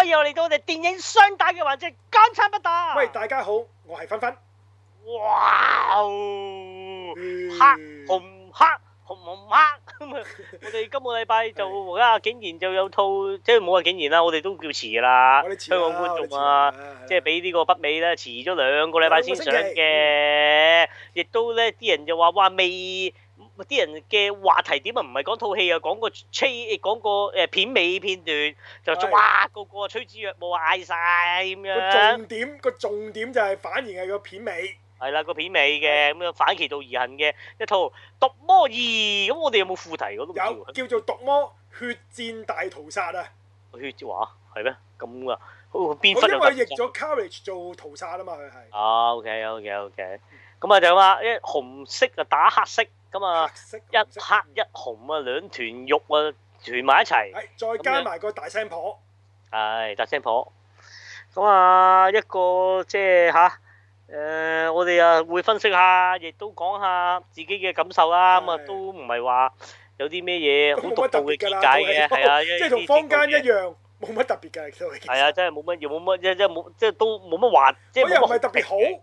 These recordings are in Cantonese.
又嚟到我哋電影雙打嘅環節，港產不打。喂，大家好，我係分分。哇哦，嗯、黑紅黑紅紅黑 我哋今個禮拜就，啊 是，竟然就有套，即係冇話竟然啦，我哋都叫遲啦，香港觀眾啊，即係俾呢個北美咧，遲咗兩個禮拜先上嘅，亦、嗯、都咧啲人就話哇未。啲人嘅話題點啊？唔係講套戲啊，講個催講個誒片尾片段就哇的個個催子若冇嗌晒。咁樣、啊。個重點個重點就係反而係個片尾。係啦，個片尾嘅咁樣反其道而行嘅一套《毒魔二》，咁我哋有冇副題嗰個？有叫做《毒魔血戰大屠殺》啊。血之戰係咩咁㗎？變、啊、分因為譯咗 Carnage 做屠殺啊嘛，佢係。哦、oh，OK OK OK，咁啊就咁一紅色啊打黑色。咁啊，一黑一紅啊，兩團肉啊，團埋一齊，再加埋個大聲婆，係大聲婆。咁啊，一個即係吓，誒，我哋啊會分析下，亦都講下自己嘅感受啦。咁啊，都唔係話有啲咩嘢好獨到嘅見解嘅，係啊，即係同坊間一樣，冇乜特別嘅。係啊，真係冇乜嘢，又冇乜，即係即係冇，即係都冇乜話，即係又唔係特別好。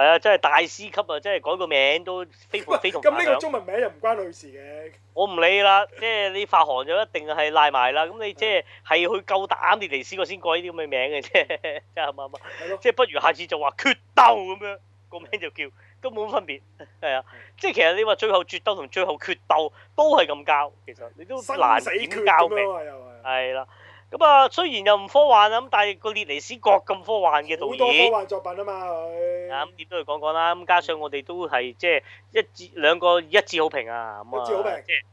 係啊，真係大師級啊，真係改個名都非非同凡響。咁呢個中文名又唔關你事嘅。 我唔理啦，即係你發行就一定係賴埋啦。咁你即係係去夠膽你哋試過先改呢啲咁嘅名嘅啫。真係啱啱？即係不如下次就話決鬥咁樣，個的名就叫，都冇乜分別。係啊，的即係其實你話最，最後決鬥同最後決鬥都係咁交，其實你都難點交名。係啦。咁啊，雖然又唔科幻啊，咁但係個列尼史葛咁科幻嘅導演，好多科幻作品啊嘛佢。啊，咁亦都係講講啦。咁加上我哋都係即係一致兩個一致好評，致好評啊。一致好評即係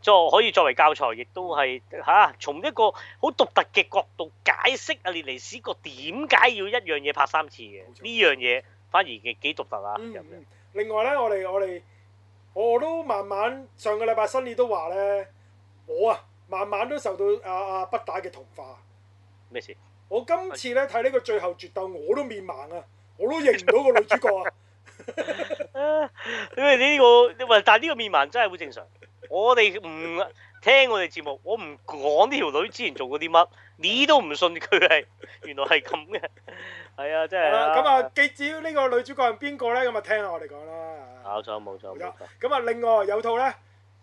作可以作為教材，亦都係吓，從一個好獨特嘅角度解釋啊列尼史葛點解要一樣嘢拍三次嘅呢樣嘢，反而嘅幾獨特啊。咁樣。另外咧，我哋我哋我，我都慢慢上個禮拜新嘢都話咧，我啊。我啊慢慢都受到阿阿北大嘅同化。咩事？我今次咧睇呢個最後絕鬥，我都面盲啊！我都認唔到個女主角啊！因為呢個，喂，但係呢個面盲真係好正常。我哋唔聽我哋節目，我唔講呢條女之前做過啲乜，你都唔信佢係原來係咁嘅。係 啊，真係咁啊，嗯、記住呢個女主角係邊個咧？咁啊，聽下我哋講啦。冇錯，冇錯，冇錯，咁啊，另外有套咧。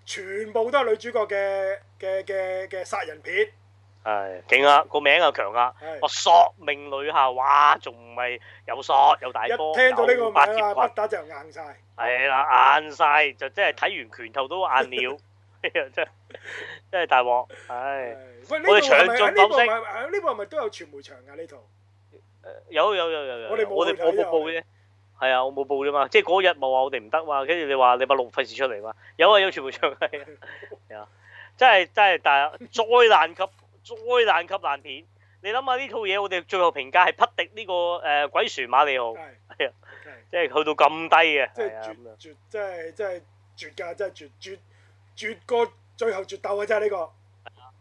全部都係女主角嘅嘅嘅嘅殺人片，係勁啊！個名又強啊！哇！索命女校，哇！仲唔係有索有大波，一聽到呢個名啊，唔打就硬曬，係啦硬曬就即係睇完拳頭都硬了，真真係大鑊，唉！喂，呢部係咪呢部係咪呢部係咪都有傳媒場㗎呢套？有有有有有，我哋冇冇冇冇嘅。係啊，我冇報啫嘛，即係嗰日冇話我哋唔得嘛，跟住你話禮拜六費事出嚟嘛，有啊有全部出嚟係啊，真係真係，但係災難級 災難級爛片，你諗下呢套嘢我哋最後評價係匹敵呢、個誒、呃、鬼船馬里奧係啊，即係去到咁低嘅，即係啊，絕，即係即係絕㗎，真係絕絕絕個最後絕鬥嘅、啊、真係呢、個。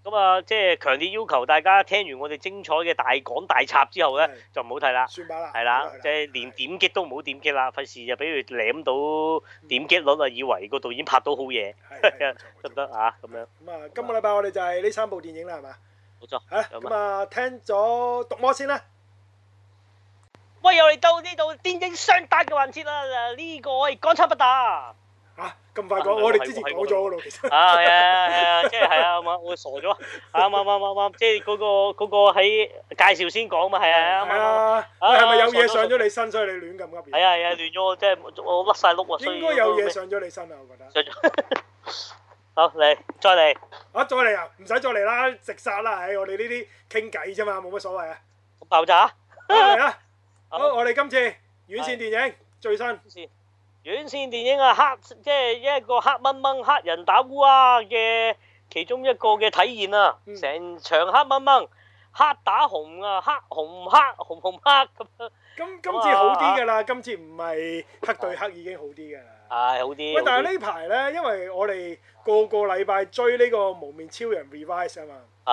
咁啊，即係強烈要求大家聽完我哋精彩嘅大講大插之後咧，就唔好睇啦，算啦，係啦，即係連點擊都唔好點擊啦，費事就俾佢舐到點擊率啊，以為個導演拍到好嘢，得唔得啊？咁樣。咁啊，今個禮拜我哋就係呢三部電影啦，係嘛？冇錯。咁啊，聽咗《毒魔》先啦。喂，又嚟到呢度電影雙打嘅環節啦，嗱，呢個我係港產不打。嚇咁快講，我哋之前講咗嗰度，其實。係啊係啊，即係係啊，我我傻咗啊！啱啱啱啱啱，即係嗰個嗰個喺介紹先講嘛，係啊。係啊，你係咪有嘢上咗你身，所以你亂咁噏片？係啊係啊，亂咗我即係我甩曬碌喎。應該有嘢上咗你身啊，我覺得。好嚟，再嚟。啊，再嚟啊！唔使再嚟啦，直殺啦！唉，我哋呢啲傾偈啫嘛，冇乜所謂啊。爆炸，嚟啦！好，我哋今次院線電影最新。院線電影啊，黑即係一個黑掹掹黑人打烏鴉、啊、嘅其中一個嘅體驗啊，成、嗯、場黑掹掹黑打紅啊，黑紅黑紅紅黑咁樣。咁今次好啲㗎啦，啊、今次唔係黑對黑已經好啲㗎啦。係、啊啊、好啲。喂，但係呢排呢，因為我哋個個禮拜追呢、這個幪面超人 Revice 啊嘛。係、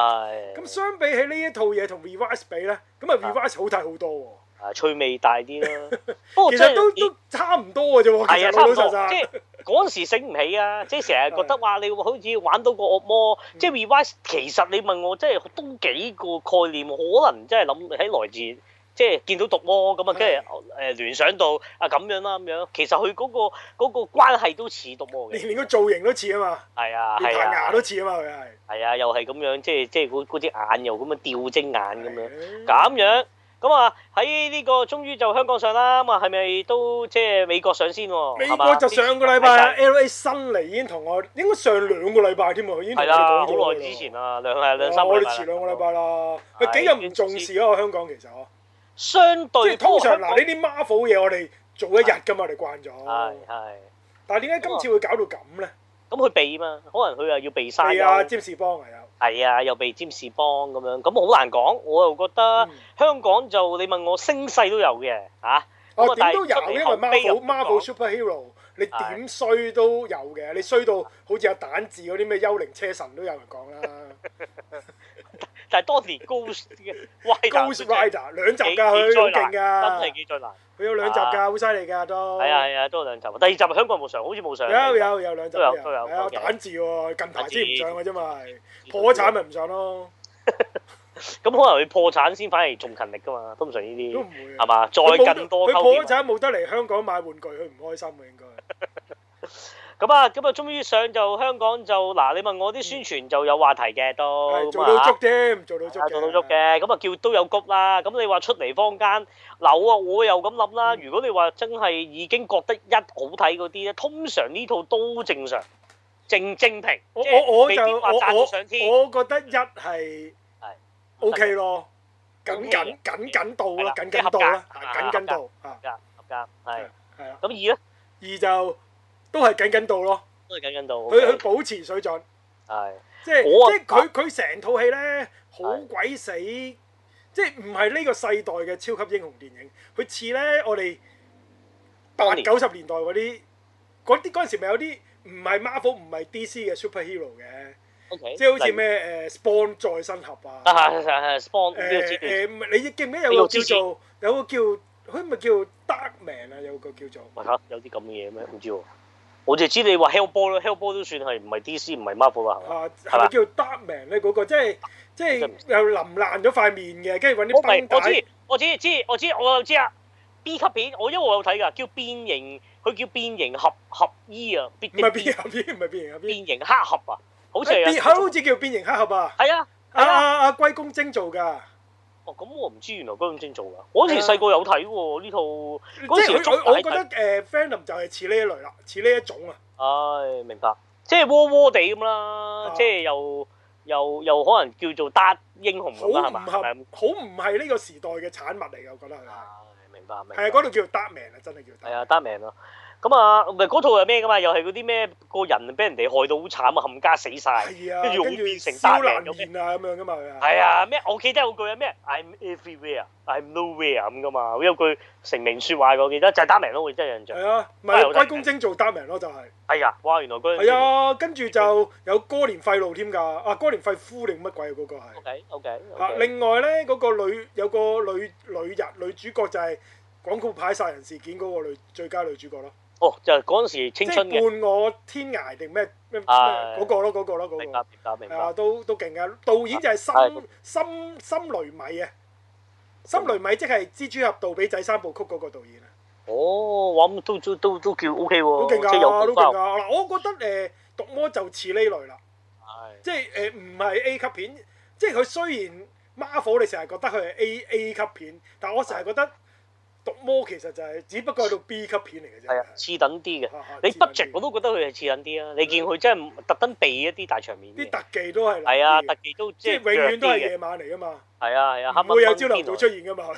啊。咁相比起呢一套嘢同 Revice 比呢，咁啊 Revice 好睇好多喎。啊，趣味大啲啦，不過 其實都都差唔多嘅啫喎，係 啊樂，差唔多，即係嗰陣時醒唔起啊，即係成日覺得話你好似玩到個惡魔，即係 revise 其實你問我即係都幾個概念，可能即係諗喺來自即係見到毒魔咁啊，跟住誒聯想到啊咁樣啦咁樣，其實佢嗰個嗰個關係都似毒魔嘅，連個造型都似啊嘛，係啊，連排牙都似啊嘛，佢係， 係、啊，又係咁樣、啊，即係即係嗰隻眼又咁啊吊睛眼咁樣，咁樣。咁啊，喺呢個終於就香港上啦。咁啊，係咪都即係美國上先喎？美國就上個禮拜，LA 辛尼已經同我，應該上兩個禮拜添啊。佢已經同佢好耐之前啦，兩兩三個禮拜。我哋遲兩個禮拜啦。佢幾日唔重視啊？香港其實呵，相對通常嗱，呢啲 Marvel 嘢我哋早一日㗎嘛，我哋慣咗。係係。但係點解今次會搞到咁咧？咁佢避嘛？可能佢又要避晒。啊，占士邦係啊。係啊、哎，又被占士幫咁樣，咁好難講。我又覺得、嗯、香港就你問我聲勢都有嘅，嚇、啊。哦、啊，點 Mar 都有，因為 Marvel、Marvel Superhero，你點衰都有嘅，你衰到好似阿蛋治嗰啲咩幽靈車神都有人講啦。 但係當時高嘅 Ghost Rider 兩集㗎佢幾勁㗎，真係幾最難。佢有兩集㗎，好犀利㗎都。係啊係啊，都有兩集。第二集香港冇上，好似冇上。有有有兩集。都有，有都有。有！啊，膽字喎，近排先唔上嘅啫嘛，破咗產咪唔上咯。咁可能佢破產先反而仲勤力㗎嘛，通常呢啲都唔會係嘛。再更多溝通。佢破咗產冇得嚟香港買玩具，佢唔開心嘅應該。 咁啊，咁啊，終於上就香港就嗱，你問我啲宣傳就有話題嘅都做到足添，做到足，做到足嘅。咁啊，叫都有谷啦。咁你話出嚟坊間，樓啊，我我又咁諗啦。如果你話真係已經覺得一好睇嗰啲咧，通常呢套都正常，正正平。我我我就我我我覺得一係係 OK 咯，緊緊緊緊到啦，緊緊到啦，緊緊到啊！合格合格係係啊。咁二咧？二就。都係緊緊到咯，都係緊緊到。佢佢保持水準，係即係即係佢佢成套戲咧，好鬼死！即係唔係呢個世代嘅超級英雄電影？佢似咧我哋八九十年代嗰啲嗰啲嗰陣時咪有啲唔係 Marvel 唔係 DC 嘅 superhero 嘅，O.K. 即係好似咩誒 Spawn 再生俠啊，啊啊啊！Spawn 誒誒，你記唔記得有個叫做有個叫佢咪叫 Darkman 啊？有個叫做嚇有啲咁嘅嘢咩？唔知喎。我就知你話 Hellboy 咯，Hellboy 都算係唔係 DC 唔係 Marvel 啊，係咪叫 Darkman 咧、啊？嗰、嗰個即係即係又淋爛咗塊面嘅，跟住揾啲我知，我知，知，我知，我又知啊。B 級片，我因為我有睇噶，叫變形，佢叫變形俠俠醫、e，啊。唔係變形片，唔係變形。變形黑俠 啊，好似啊，好似叫變形黑俠啊。係啊，阿阿阿龜公精做㗎。咁我唔知原來咁清做噶，我嗰時細個有睇喎呢套。即係我覺得誒 Fandom 就係似呢一類啦，似呢一種啊。唉，明白。即係窩窩地咁啦，即係又又又可能叫做 Dark 英雄咁啦，係嘛？好唔合，好唔係呢個時代嘅產物嚟，我覺得係。明白，明白。係嗰度叫 Darkman 啊，真係叫 Darkman。係啊，Darkman 咯。咁啊，唔係嗰套係咩噶嘛？又係嗰啲咩個人俾人哋害到好慘啊，冚家死曬，跟住變成 Darkman 咁樣啊，咁樣噶嘛。係啊，咩我記得有句啊，咩 I'm everywhere, I'm nowhere 咁噶嘛。好有句成名説話噶，我記得就係 Darkman 咯，我真係印象。係啊，唔係鬼公證做 Darkman 咯，就係。係啊，哇！原來嗰。係啊，跟住就有哥連廢路添㗎。啊，哥連廢夫定乜鬼啊？嗰個係。O K，O K。啊，另外咧，嗰個女有個女女入女主角就係廣告牌殺人事件嗰個女最佳女主角咯。哦，就嗰陣時青春嘅。即係《伴我天涯》定咩咩嗰個咯，嗰個咯，嗰個。啊都都勁嘅，導演就係森森森雷米啊。森雷米即係《蜘蛛俠》杜比仔三部曲嗰個導演啊。哦，咁都都都叫 OK 喎。好勁㗎，都勁㗎。嗱，我覺得誒《毒魔》就似呢類啦。係。即係誒，唔係 A 級片。即係佢雖然 Marvel，你成日覺得佢係 A A 級片，但我成日覺得。《毒魔》其實就係，只不過係到 B 級片嚟嘅啫。係啊，次等啲嘅。你 budget 我都覺得佢係次等啲啊。你見佢真係特登避一啲大場面。啲特技都係。係啊，特技都即係。永遠都係夜晚嚟啊嘛。係啊，啊，冇有朝頭會出現㗎嘛佢。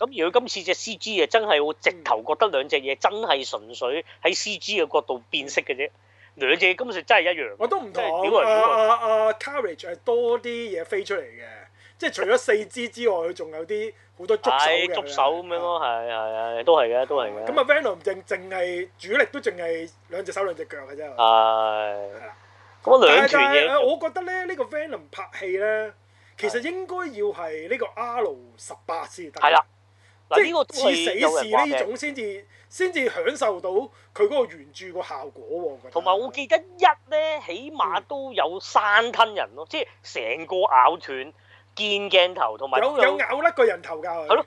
咁如果今次隻 CG 啊，真係我直頭覺得兩隻嘢真係純粹喺 CG 嘅角度變色嘅啫。兩隻根本上真係一樣。我都唔同啊啊 Carnage 係多啲嘢飛出嚟嘅。即係除咗四肢之外，佢仲有啲好多觸手嘅觸手咁樣咯，係係係都係嘅，都係嘅。咁啊，Venom 淨淨係主力都淨係兩隻手兩隻腳嘅啫。係。係啦。咁兩團嘢。我覺得咧，呢個 Venom 拍戲咧，其實應該要係呢個 R 十八先得。係啦。嗱，呢個似死士呢種先至先至享受到佢嗰個原著個效果喎。同埋我記得一咧，起碼都有生吞人咯，即係成個咬斷。見鏡頭同埋有有咬甩個人頭㗎，係咯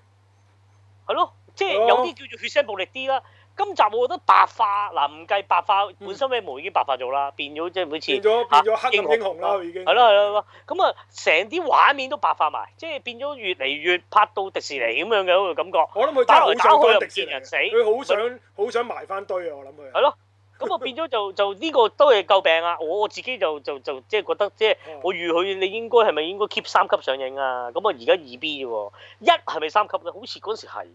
係咯，即係有啲叫做血腥暴力啲啦。今集我覺得白化嗱，唔計白化本身咩毛已經白化咗啦，變咗即係每次變咗變咗黑人英雄啦，已經係咯係咯，咁啊，成啲畫面都白化埋，即係變咗越嚟越拍到迪士尼咁樣嘅嗰個感覺。我諗佢真係好想開迪士尼，佢好想好想埋翻堆啊！我諗佢係咯。咁 我變咗就就呢個都係救病啊！我自己就就就即係覺得即係我預佢你應該係咪應該 keep 三級上映啊？咁我而家二 B 喎，一係咪三級咧？好似嗰陣時係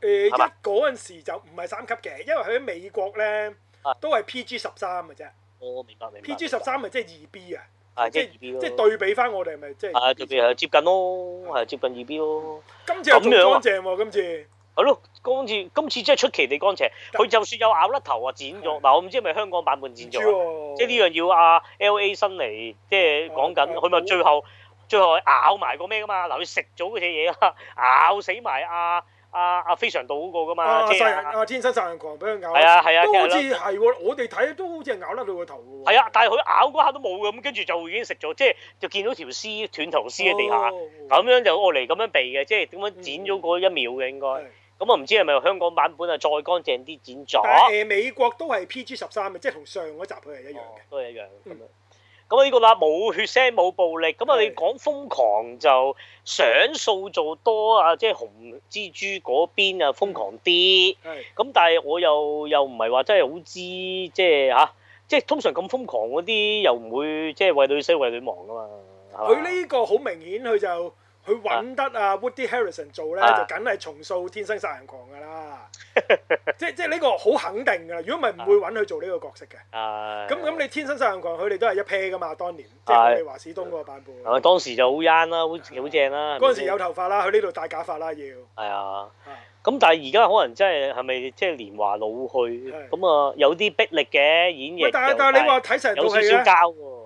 誒，一嗰陣時就唔係三級嘅，因為佢喺美國咧都係 PG 十三嘅啫。我明白明白。明白明白 PG 十三咪即係二 B, B 啊，即係二 B 咯。即係對比翻我哋咪即係，特別係接近咯，係接近二 B 咯。今次係仲乾淨今次。係咯，今次今次真係出奇地乾淨。佢就算有咬甩頭啊，剪咗嗱，我唔知係咪香港版本剪咗，即係呢樣要阿 LA 辛尼，即係講緊佢咪最後最後咬埋個咩㗎嘛？嗱，佢食咗嗰隻嘢啊，咬死埋阿阿阿非常道嗰個㗎嘛，天生殺人狂俾佢咬，係啊係啊，好似係我哋睇都好似係咬甩佢個頭喎。係啊，但係佢咬嗰下都冇咁，跟住就已經食咗，即係就見到條屍斷頭屍喺地下，咁樣就我嚟咁樣避嘅，即係點樣剪咗嗰一秒嘅應該。咁我唔知係咪香港版本啊，再乾淨啲剪咗？但、呃、美國都係 PG 十三嘅，即係同上嗰集佢係一樣嘅、哦。都係一樣咁樣。咁呢、嗯、個啦，冇血腥冇暴力。咁啊你講瘋狂就想塑做多啊，即係紅蜘蛛嗰邊啊瘋狂啲。係。咁但係我又又唔係話真係好知，即係嚇、啊，即係通常咁瘋狂嗰啲又唔會即係為女死為女亡噶嘛。佢呢個好明顯佢就。佢揾得啊，Woody Harrison 做咧就梗係重塑天生殺人狂噶啦，即即呢個好肯定噶啦。如果唔係唔會揾佢做呢個角色嘅。咁咁你天生殺人狂佢哋都係一 pair 噶嘛？當年即係華士東嗰個版本。當時就好 young 啦，好正啦。嗰陣時有頭髮啦，佢呢度戴假髮啦要。係啊。咁但係而家可能真係係咪即係年華老去？咁啊有啲迫力嘅演繹。但但係你話睇成套戲咧，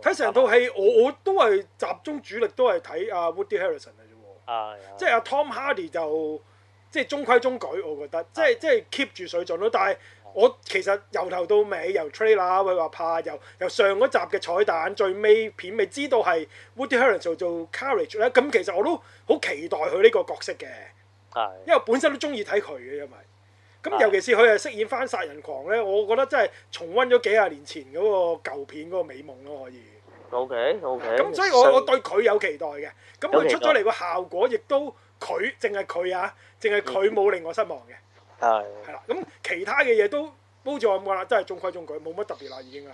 睇成套戲我我都係集中主力都係睇啊 Woody Harrison。即係阿 Tom Hardy 就即係、就是、中規中矩，我覺得即係即係 keep 住水準咯。但係我其實由頭到尾由 Trailer 佢話拍由由上嗰集嘅彩蛋最尾片咪知道係 Woody Harrelson 做，做 Carnage 咧。咁其實我都好期待佢呢個角色嘅，因為本身都中意睇佢嘅，因為咁尤其是佢係飾演翻殺人狂咧，我覺得真係重温咗幾廿年前嗰個舊片嗰個美夢咯，可以。O K，O K。咁 Okay ,、okay, 所以我所以我對佢有期待嘅，咁佢出咗嚟個效果亦都佢，淨係佢啊，淨係佢冇令我失望嘅。係 係啦，咁其他嘅嘢都煲咗我咁講啦，真係中規中矩，冇乜特別啦，已經係。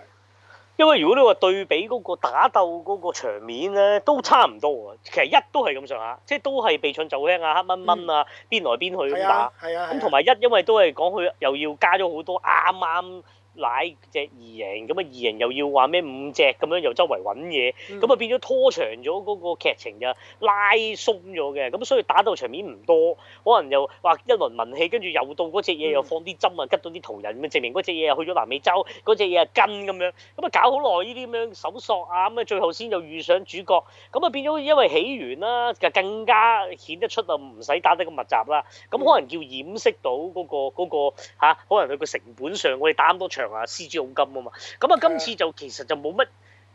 因為如果你話對比嗰個打鬥嗰個場面咧，都差唔多啊。其實一都係咁上下，即係都係避重就輕啊，黑蚊蚊啊，嗯、邊來邊去啊嘛。係啊的。咁同埋一，因為都係講佢又要加咗好多啱啱。乃隻異形，咁啊異形又要話咩五隻咁樣又周圍揾嘢，咁啊、嗯、變咗拖長咗嗰個劇情就拉鬆咗嘅，咁所以打鬥場面唔多，可能又話一輪文戲，跟住又到嗰隻嘢又放啲針啊，吉到啲途人，證明嗰隻嘢又去咗南美洲，嗰隻嘢係跟咁樣，咁啊搞好耐呢啲咁樣搜索啊，咁啊最後先又遇上主角，咁啊變咗因為起源啦，就更加顯得出就唔使打得咁密集啦，咁可能叫掩飾到嗰個、嗰個、啊、可能佢個成本上我哋打咁多場。啊！C.G. 好金啊嘛，咁啊今次就其實就冇乜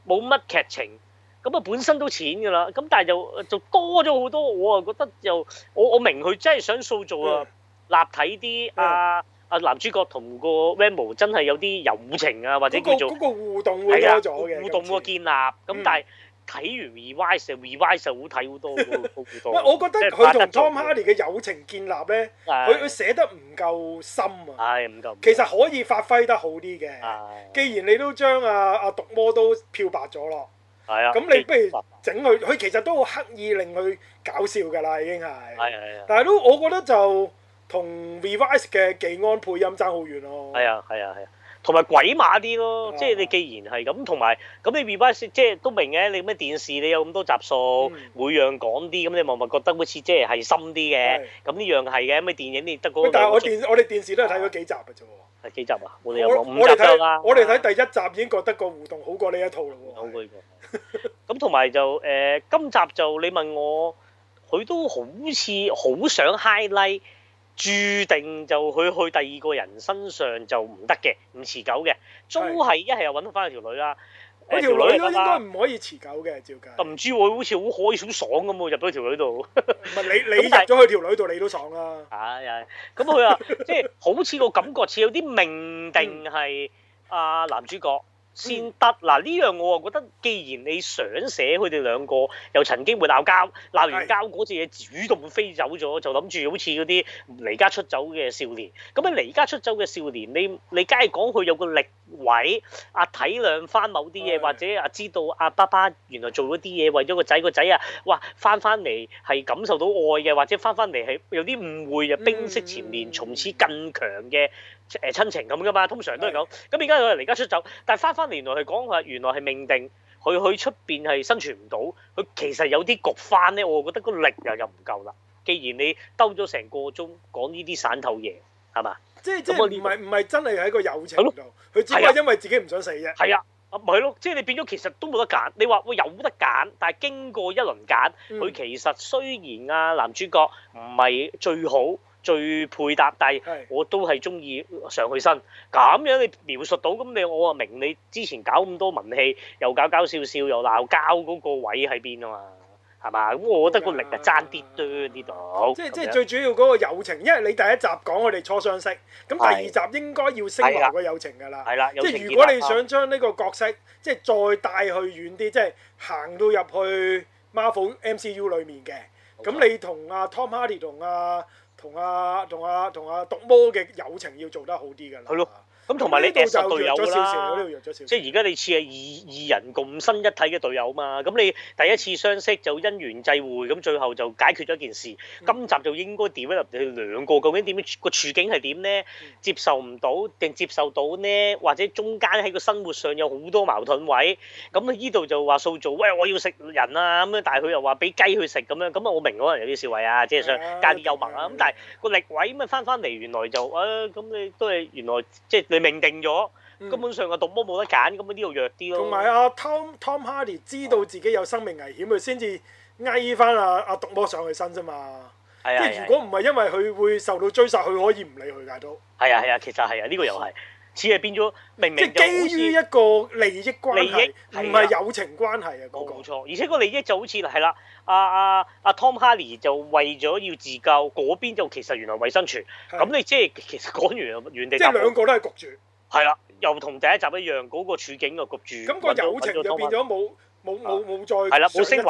冇乜劇情，咁啊本身都淺㗎啦，咁但係就就多咗好多，我啊覺得就……我我明佢真係想塑造啊立體啲、嗯、啊啊男主角同個 Venom 真係有啲友情啊，或者叫做嗰、嗰個嗰個互動會多咗嘅、啊、互動喎建立，咁但係，嗯睇完 Revice，Revice 好睇好多好多。喂，我覺得佢同 Tom Hardy 嘅友情建立咧，佢佢寫得唔夠深啊。係唔夠。其實可以發揮得好啲嘅。既然你都將阿阿毒魔都漂白咗咯。係啊。咁你不如整佢，佢其實都好刻意令佢搞笑㗎啦，已經係。係係。但係都我覺得就同 Revice 嘅技安配音爭好遠咯。係啊係啊係啊。同埋鬼馬啲咯，即係你既然係咁，同埋咁你 r e 即係都明嘅。你咩電視你有咁多集數，嗯、每樣講啲，咁你默默覺得好似即係係深啲嘅。咁呢是樣係嘅，咩電影你得嗰，那個？但係我電數我哋電視都係睇咗幾集嘅啫喎。係，啊啊、幾集啊？我哋有五集啦，啊。我哋睇第一集已經覺得個互動好過呢一套咯喎，嗯。好過。咁同埋就誒，呃，今集就你問我，佢都好似好想 highlight。注定就佢去第二個人身上就唔得嘅，唔持久嘅。都係一係又揾到翻佢條女啦。佢條的、啊、女應該唔可以持久嘅，照計。唔知喎，好似好開好爽咁喎，入咗佢條女度。唔係你你入咗去條女度，你都 是爽啦、啊啊。啊，又咁佢啊，即、啊、係、啊啊 就是、好似個感覺似有啲命定係阿、 嗯啊、男主角。先得嗱，呢樣我又覺得，既然你想寫佢哋兩個又曾經會鬧交，鬧完交嗰隻嘢主動飛走咗，就諗住好似嗰啲離家出走嘅少年。咁樣離家出走嘅少年，你你梗係講佢有個力位，啊體諒翻某啲嘢，是或者啊知道阿、啊、爸爸原來做咗啲嘢，為咗個仔，個仔啊，哇翻翻嚟係感受到愛嘅，或者翻翻嚟係有啲誤會啊，冰釋前嫌，從、嗯嗯、此更強嘅。誒親情咁㗎嘛，通常都係咁，咁而家有人離家出走，但係翻返嚟原來係講話，原來係命定，佢去出邊係生存唔到，佢其實有啲局翻咧，我覺得個力量又唔夠啦。既然你兜咗成個鐘講呢啲散透嘢，係嘛？即係即係唔係唔係真係喺一個友情度，佢只係因為自己唔想死啫。係啊，啊咪咯，即係你變咗其實都冇得揀。你話喂有得揀，但係經過一輪揀，佢、嗯、其實雖然啊男主角唔係最好。嗯最配搭，但係我都係中意上去身。咁樣。你描述到咁，你我啊明你之前搞咁多文戲，又搞搞笑笑，又鬧交嗰個位喺邊啊嘛？係嘛？咁的我覺得個力啊爭啲多啲度。即係是樣即係最主要嗰個友情，因為你第一集講佢哋初相識，咁第二集應該要升華個友情㗎啦。係啦的，即係如果你想將呢個角色即係再帶去遠啲，即係行到入去 Marvel M C U 裡面嘅咁，的你同阿、啊、Tom Hardy 同阿、啊。同啊，同啊，同啊，毒魔嘅友情要做得好啲㗎啦。咁同埋你哋係隊友啦，點點即係而家你似係二二人共生一體嘅隊友嘛？咁你第一次相識就因緣際會，咁最後就解決咗件事。今集就應該 develop 你兩個究竟點樣個處境係點呢？接受唔到定接受到呢？或者中間喺個生活上有好多矛盾位？咁呢度就話塑造喂，我要食人啊咁樣，但係佢又話俾雞去食咁樣。咁啊，我明可能有啲視位啊，即係想加啲幽默啊。咁但係個力位咁啊，翻翻嚟原來就誒咁，啊，你都係原來即係。命定咗、嗯，根本上個毒魔冇得揀，咁本啲度弱啲咯。同埋阿 Tom Tom Hardy 知道自己有生命危險，佢先至嗌翻阿阿毒魔上去身啫嘛。即係如果唔係因為佢會受到追殺，佢可以唔理佢嘅都。係啊，係啊，啊，其實係啊，呢、啊、個又係。似係變咗，明明係基於一個利益關係，唔係友情關係啊！嗰個冇講錯，而且個利益就好似係啦，阿阿阿 Tom Hardy 就為咗要自救，嗰邊就其實原來衞生署，咁、啊、你即係其實講完原地。即係兩個都係局住。係啦、啊，又同第一集一樣，嗰、嗰個處境又局住。咁個友情就變咗冇冇冇冇再冇升一層，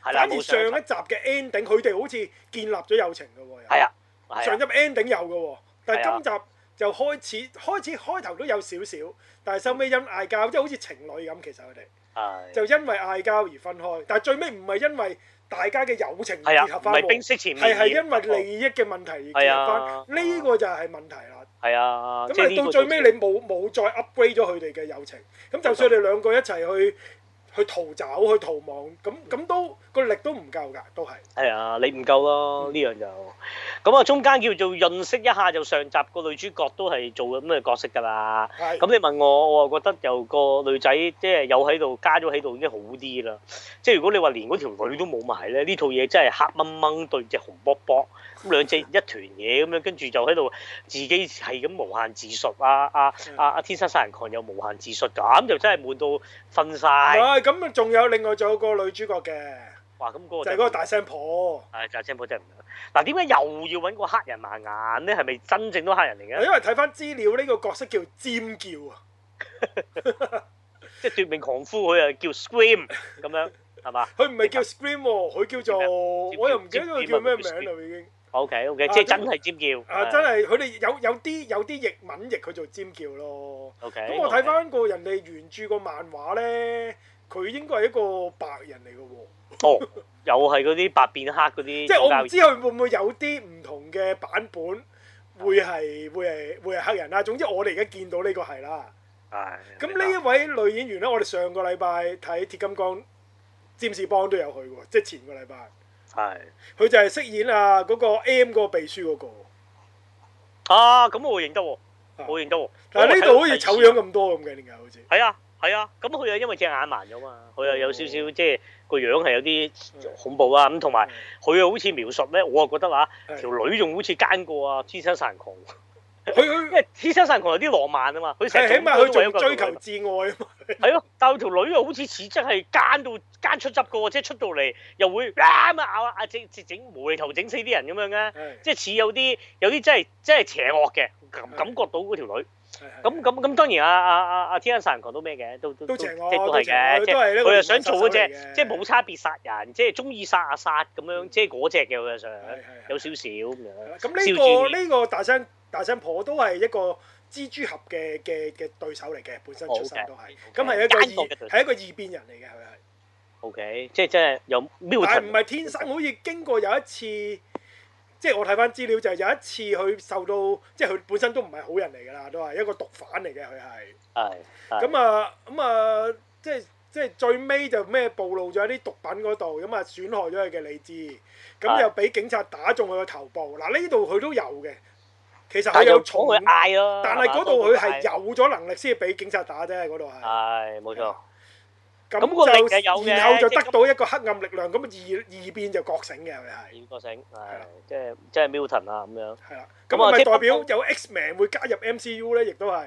啊、反而上一集嘅 ending，佢哋好似建立咗友情嘅喎，係啊，上一 ending 有嘅喎，啊、但係今集。就開始，開始開始開頭都有少少，但係收尾因嗌交，即係好似情侶咁。其實佢哋的就因為嗌交而分開，但係最尾唔係因為大家嘅友情而結合翻，係係因為利益嘅問題而結合翻。呢的個就係問題啦。係啊的，咁你到最尾你冇冇再 upgrade 咗佢哋嘅友情？咁就算你兩個一齊去。去逃走，去逃亡，咁咁都個力都唔夠㗎，都係。係啊、哎，你唔夠咯，呢、嗯、樣就。咁啊，中間叫做潤色一下就上集個女主角都係做咁咩角色㗎啦。咁是你問我，我啊覺得有個女仔即係有喺度加咗喺度已經好啲啦。即係如果你話連嗰條女都冇埋咧，呢、嗯、套嘢真係黑掹掹對隻紅卜卜，咁兩隻一團嘢咁樣，跟住就喺度自己係咁無限自述啊啊啊！天生殺人狂又無限自述，咁就真係悶到瞓晒。咁仲有另外仲有個女主角嘅。哇！咁嗰個就係嗰個大聲婆。係、啊、大聲婆真係唔嗱，點、啊、解又要揾個黑人盲眼咧？係咪真正都黑人嚟嘅？因為睇翻資料，呢個角色叫尖叫啊， 即係奪命狂呼，佢又叫 Scream 咁樣係嘛？佢唔係叫 Scream 喎，佢叫做叫我又唔記得佢叫咩名啦已經。O K，O K，即係真係尖叫。啊，的啊，真係佢哋有有啲有啲譯文譯佢就尖叫咯。O K。咁我睇翻個人哋原著個漫畫咧，佢應該係一個白人嚟嘅喎。哦，又係嗰啲白變黑嗰啲。 即係我唔知佢會唔會有啲唔同嘅版本會、啊會，會係會係會係黑人啦、啊。總之我哋而家見到呢個係啦。係、哎。咁呢一位女演員咧，嗯、我哋上個禮拜睇《鐵金剛》《占士邦》都有去喎，即係前個禮拜。係，佢是就係飾演啊嗰個 M 嗰個秘書嗰、嗰個啊，咁我認得喎，我認得喎。嗱呢度好似醜樣咁多咁嘅，點解好似？係啊，係啊，咁佢又因為隻眼盲咗嘛，佢又、哦、有少少即係個樣係有啲恐怖啊咁，同埋佢又好似描述咧，我啊覺得嚇、嗯、條女仲好似奸過啊，天生殺人狂。佢佢，因為《天生殺人狂》有啲浪漫啊嘛，佢成日起碼佢為咗追求至愛啊嘛，係咯，但係條女又好似似真係奸到奸出汁嘅喎，即係出到嚟又會啊咁咬啊整整無厘頭整死啲人咁樣嘅，即係似有啲有啲真係真係邪惡嘅，感感覺到嗰條女。咁咁咁當然啊啊啊啊《天生殺人狂》都咩嘅？都都邪惡，都係嘅，即係佢又想做嗰隻，即係冇差別殺人，即係鍾意殺啊殺咁樣，即係嗰隻嘅佢上有少少咁樣。咁呢個呢個大聲。大新婆都係一個蜘蛛俠嘅嘅嘅對手嚟嘅，本身出身都係咁係一個異係一個異變人嚟嘅，佢係 OK，即係即係有，但係唔係天生，好似經過有一次，即係我睇翻資料就係有一次佢受到，即係佢本身都唔係好人嚟㗎啦，都係一個毒販嚟嘅，佢係係咁啊咁啊，即係即係最尾就咩暴露咗啲毒品嗰度，咁啊損害咗佢嘅理智，咁又俾警察打中佢個頭部，嗱呢度佢都有嘅。其實佢有重去嗌咯，但係嗰度佢係有咗能力先俾警察打啫，嗰度係。係冇錯。咁個力有然後就得到一個黑暗力量，咁異異變就覺醒嘅又係。要覺醒，係即係即係 Milton 啊咁樣。係啦。咁咪代表有 Xman 會加入 MCU 咧，亦都係。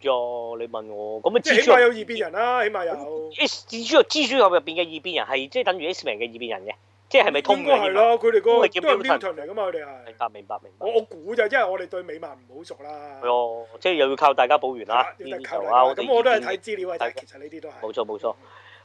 呀，你問我咁始終有。即係起碼有異變人啦，起碼有。始終有始終有入邊嘅異變人係即係等於 Xman 嘅異變人嘅。即係咪通靈啊？通靈叫 medium 嚟㗎嘛，佢哋啊！明白明白明白。我我估啫，因為我哋對美聞唔好熟啦。係哦，即係又要靠大家補完啦、啊。要靠大家、啊。咁、啊、我，我都係睇資料，但係的其實呢啲都係。冇錯冇錯。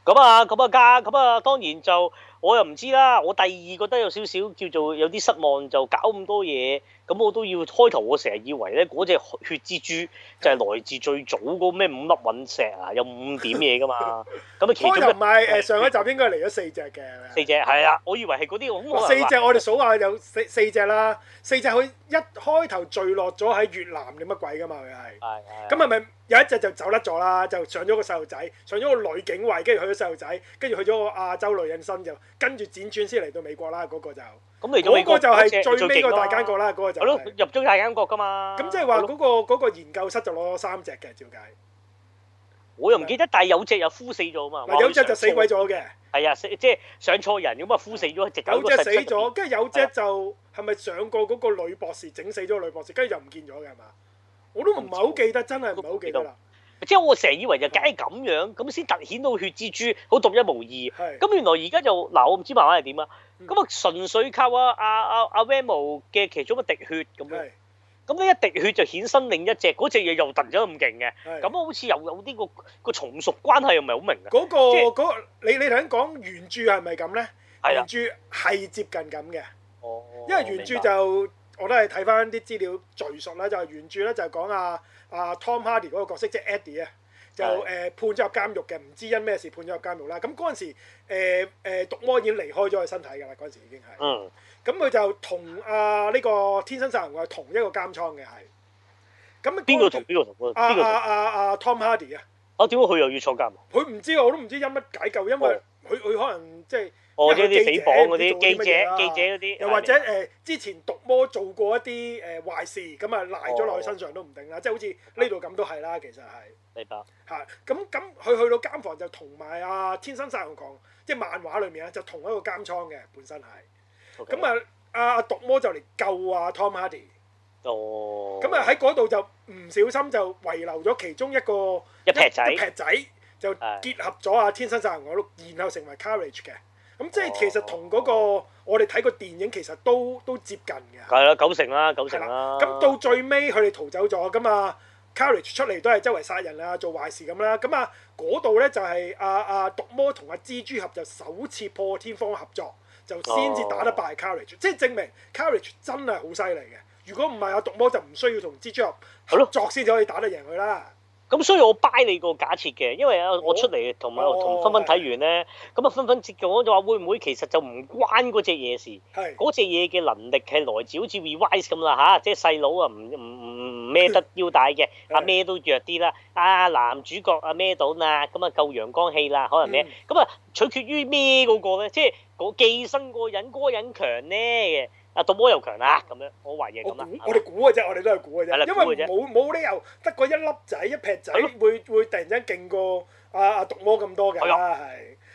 咁啊咁啊價咁啊當然就。我又唔知啦，我第二覺得有少少叫做有啲失望，就搞咁多嘢，咁我都要開頭我成日以為咧嗰隻血蜘蛛就係來自最早嗰咩五粒隕石啊，有五點嘢噶嘛，咁啊其中開頭唔係誒上一集應該嚟咗四隻嘅，四隻係啦，啊嗯、我以為係嗰啲四隻我哋數下有四四隻啦，四隻佢一開頭墜落咗喺越南嘅乜鬼噶嘛，佢係，咁係咪有一隻就走甩咗啦，就上咗個細路仔，上咗個女警衞，跟住去咗細路仔，跟住去咗個亞洲女人身就。跟住輾轉先嚟到美國啦，嗰個就，嗰個就係最尾個大監獄啦，嗰個就入咗大監獄噶嘛。咁即係話嗰個嗰個研究室就攞咗三隻嘅，照計。我又唔記得，但係有隻又孵死咗嘛。嗱，有隻就死鬼咗嘅。係啊，即係上錯人咁啊，孵死咗一隻有隻死咗。跟住有隻就係咪上過嗰個女博士整死咗個女博士，跟住又唔見咗嘅係嘛？我都唔係好記得，真係唔係好記得喇。即係我成日以為就梗係咁樣，咁先突顯到血蜘蛛好獨一無二。咁是的 原來而家就嗱，我唔知漫畫係點啊。咁啊，純粹靠啊阿阿、啊、阿 Venom 嘅其中一滴血咁樣。咁呢是的 一滴血就衍生另一隻，嗰隻嘢又突咗咁勁嘅。咁是的 好似又有啲個個、個從屬關係又，又唔係好明啊。嗰、嗰個你你頭先講原著係咪咁咧？的原著係接近咁嘅。哦。因為原著就。我都係睇翻啲資料敍述啦，就係原著咧就係講阿阿 Tom Hardy 嗰個角色即係 Eddie 啊，就誒是的、呃、判咗入監獄嘅，唔知因咩事判咗入監獄啦。咁嗰陣時誒、呃呃、毒魔已經離開咗佢身體嘅啦，嗰陣時已經係。嗯。咁佢就同阿呢個天生殺人鬼同一個監倉嘅係。咁邊個同邊個同？阿阿阿阿 Tom Hardy 啊。啊？點解佢又要坐監？佢唔知啊！我都唔知因乜解究，因為佢佢可能即係。或、哦、者啲死房嗰啲記者、記者嗰啲，又或者誒、呃、之前毒魔做過一啲誒、呃、壞事，咁啊賴咗落佢身上都唔定啦，哦、即係好似呢度咁都係啦，其實係。明白。嚇！咁咁佢去到監房就同埋阿天生殺人狂，即係漫畫裏面咧就同一個監倉嘅本身係。咁 Okay.、嗯、啊，阿毒魔就嚟救啊 Tom Hardy。哦。咁啊喺嗰度就唔小心就遺留咗其中一個一撇一仔，一撇仔就結合咗阿天生殺人狂，然後成為 Carnage 嘅。咁、嗯、即係其實同嗰、嗰個我哋睇個電影其實都都接近嘅。係啦、嗯，九成啦，九成啦。咁、嗯、到最尾佢哋逃走咗，咁啊 Carriage 出嚟都係周圍殺人啊，做壞事咁啦。咁、就是、啊，嗰度咧就係阿阿毒魔同阿蜘蛛俠就首次破天荒合作，就先至打得敗 Carriage，、哦、即係證明 Carriage 真係好犀利嘅。如果唔係阿毒魔就唔需要同蜘蛛俠合作先至可以打得贏佢啦。嗯咁所以我掰你個假設嘅，因為啊，我出嚟同埋同分分睇完咧，咁啊分分接嘅我就話會唔會其實就唔關嗰隻嘢事，嗰隻嘢嘅能力係來自好似 Revice 咁啦嚇、啊，即係細佬啊唔唔唔孭得腰大嘅，的啊咩都弱啲啦，啊男主角啊孭到啦，咁啊夠陽光氣啦，可能咩？咁啊、嗯嗯嗯、取決於咩嗰個咧，即係嗰寄生個忍哥忍強咧啊！毒魔又強啦咁樣，我懷疑咁啦。我哋估嘅啫，我哋都係估嘅啫。因為冇冇理由得個一粒仔一撇仔，會會突然之間勁過啊毒魔咁多嘅。係啊，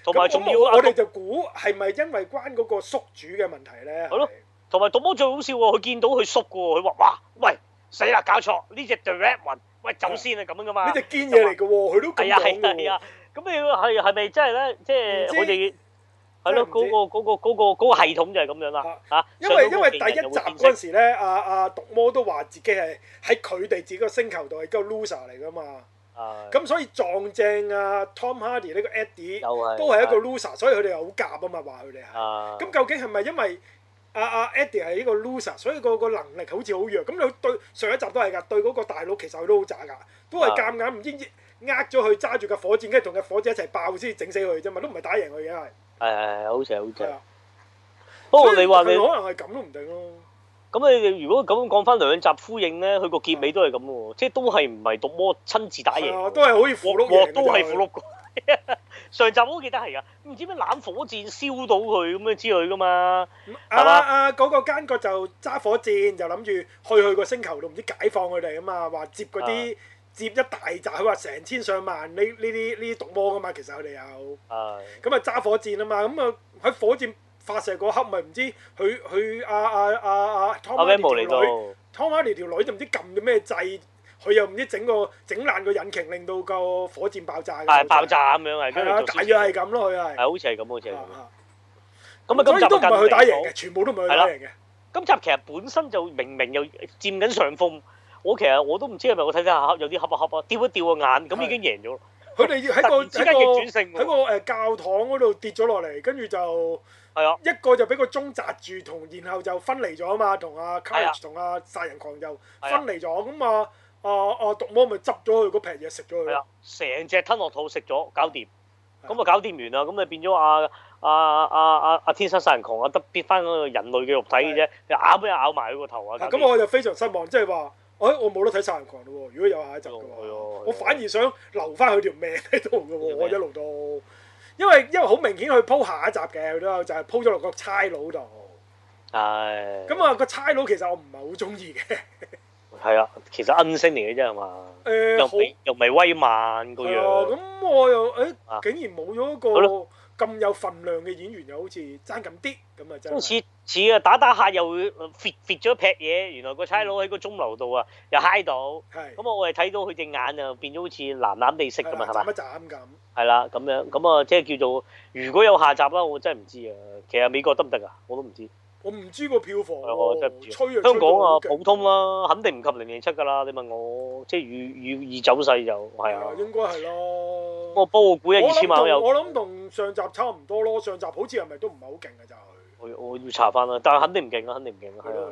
同埋仲要，我哋就估係咪因為關嗰個宿主嘅問題咧？係咯。同埋毒魔最好笑喎，佢見到佢叔嘅喎，佢話，哇，喂，死啦搞錯，呢隻 direct one，喂走先啊咁樣噶嘛。呢隻堅嘢嚟嘅喎，佢都咁講。係啊係啊係啊。咁你係係咪真係咧？即係我哋。係咯，嗰個嗰個嗰個嗰個系統就係咁樣啦嚇。因為因為第一集嗰陣時咧，阿阿毒魔都話自己係喺佢哋自己個星球度係個 loser 嚟噶嘛。啊，咁所以撞正啊 Tom Hardy 呢個 Eddie 都係一個 loser，所以佢哋又好夾啊嘛話佢哋係。咁究竟係咪因為阿阿 Eddie 係呢個 loser，所以個個能力好似好弱，咁你對上一集都係㗎，對嗰個大佬其實佢都好渣㗎，都係夾硬唔應接，呃咗佢揸住個火箭，跟住同個火箭一齊爆先整死佢啫嘛，都唔係打贏佢嘅係。係係係，好正好正，不過以你話你可能係咁都唔定咯。咁你哋如果咁講翻兩集呼應咧，佢個結尾都係咁喎，Yeah. 即係都係唔係毒魔親自打贏，yeah, 哦，都係好似符碌，都係 上集我都記得係啊，唔知咩攬火箭燒到佢咁樣之類噶嘛。阿阿嗰個奸角就揸火箭，就諗住去去個星球度唔知解放佢哋啊嘛，話接嗰啲。Uh. 接一大扎，佢話成千上萬呢呢啲呢啲毒魔噶嘛，其實佢哋有。係。咁啊揸火箭啊嘛，咁啊喺火箭發射嗰刻咪唔知佢佢阿阿阿阿湯瑪尼條女，湯瑪尼條女就唔知撳咗咩掣，佢又唔知整個整爛個引擎，令到個火箭爆炸。爆炸咁樣係。啊！大約係咁咯，佢係。好似係咁好似。咁啊！咁。所以都唔係佢打贏嘅，全部都唔係佢打贏嘅。今集其實本身就明明又佔緊上風。我其實我都唔知係咪我睇睇下，有啲瞌啊瞌啊，掉一掉個眼咁已經贏咗。佢哋要喺個喺個喺個誒教堂嗰度跌咗落嚟，跟住就係啊一個就俾個鐘砸住，同然後就分離咗啊嘛，同阿 Carnage 同阿殺人狂又分離咗，咁啊啊啊毒魔咪執咗佢嗰撇嘢食咗佢。係啊，成隻吞落肚食咗，搞掂。咁啊搞掂完啦，咁咪變咗阿阿阿阿阿天生殺人狂，得變翻嗰個人類嘅肉體嘅啫，咬俾咬埋佢個頭啊！咁我就非常失望，即係話。我我冇得睇殺人狂咯喎！如果有下一集嘅話，我反而想留翻佢條命喺度㗎喎，我一路都，因為因為好明顯佢鋪下一集嘅，佢都有就係鋪咗落、哎個差佬度。係。咁啊，個差佬其實我唔係好中意嘅。係、哎、 啊，其實奀星嚟嘅啫嘛。誒、欸，好又未又未威猛個樣。咁、啊、我又誒、哎，竟然冇咗一個。咁有份量嘅演員又好似爭咁啲，咁啊真似似啊打打下又會跌跌咗劈嘢，原來個差佬喺個鐘樓度啊又嗨、就是、的到，咁我我係睇到佢隻眼啊變咗好似藍藍地色咁嘛，係咪眨一眨咁？係啦，咁樣咁啊，即係、啊、叫做如果有下集啦，我真係唔知啊。其實美國得唔得啊？我都唔知。我唔知個票房，香港啊普通啦，肯定唔及零零七㗎啦。你問我，即係預預預走勢就係啊，應該係咯。我不過我估一二千萬有。我諗同上集差唔多咯，上集好似係咪都唔係好勁㗎？咋佢？我我要查翻啦，但係肯定唔勁啊，肯定唔勁啊。係咯，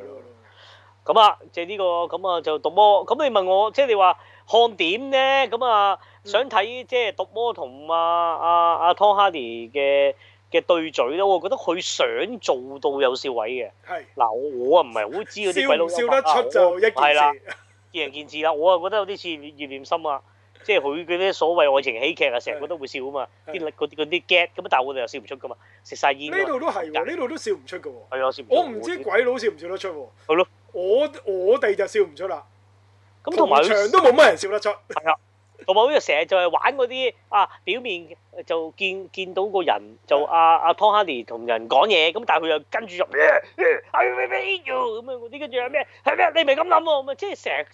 咁啊，即係呢個咁啊，就《毒魔》。咁你問我，即係你話看點咧？咁啊，想睇即係《毒魔》同啊啊啊 Tom Hardy 嘅。嘅對嘴咯，我覺得佢想做到有笑位嘅。係嗱，我啊唔係好知嗰啲鬼佬笑得出就一件事，見仁見智啦，我啊覺得有啲似葉念琛啊，即係佢嗰啲所謂愛情喜劇啊，成日覺得會笑啊嘛，啲嗰啲 get 咁，但係我哋又笑唔出噶嘛，食晒煙。呢度都係喎，呢度都笑唔出噶喎。係啊，笑唔出。我唔知鬼佬笑唔笑得出喎。係咯。我我哋就笑唔出啦。咁同場都冇乜人笑得出。係啊。同埋好似成日就係玩嗰啲啊，表面就見見到個人就阿阿 Tom Hardy 同人講嘢，咁但係佢又跟住入咩啊？咩咩要咁樣嗰啲，跟住又咩係咩？你咪咁諗喎，咁啊即係成日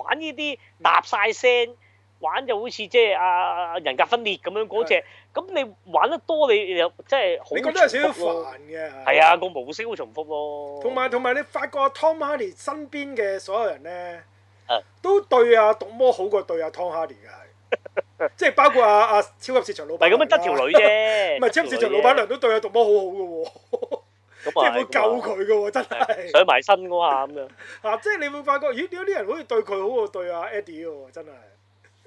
玩呢啲搭曬聲， 玩就好似即係啊人格分裂咁樣嗰隻。咁 你玩得多，你又即係好。你覺得有少少煩嘅係啊，個模式好重複咯。同埋同埋，你發覺 Tom Hardy 身邊嘅所有人咧。啊、都對啊，毒魔好過對啊湯哈迪嘅係，即係包括阿、啊、阿、啊、超級市場老闆、啊，唔咁 樣得條女啫，唔係、 嗯、超級市場老闆娘都對阿、啊、毒魔好好嘅喎，即係會救佢嘅喎，真係上埋身嗰下咁嘅，啊即係你會發覺咦點解啲人好似對佢好過對阿艾迪喎，真係。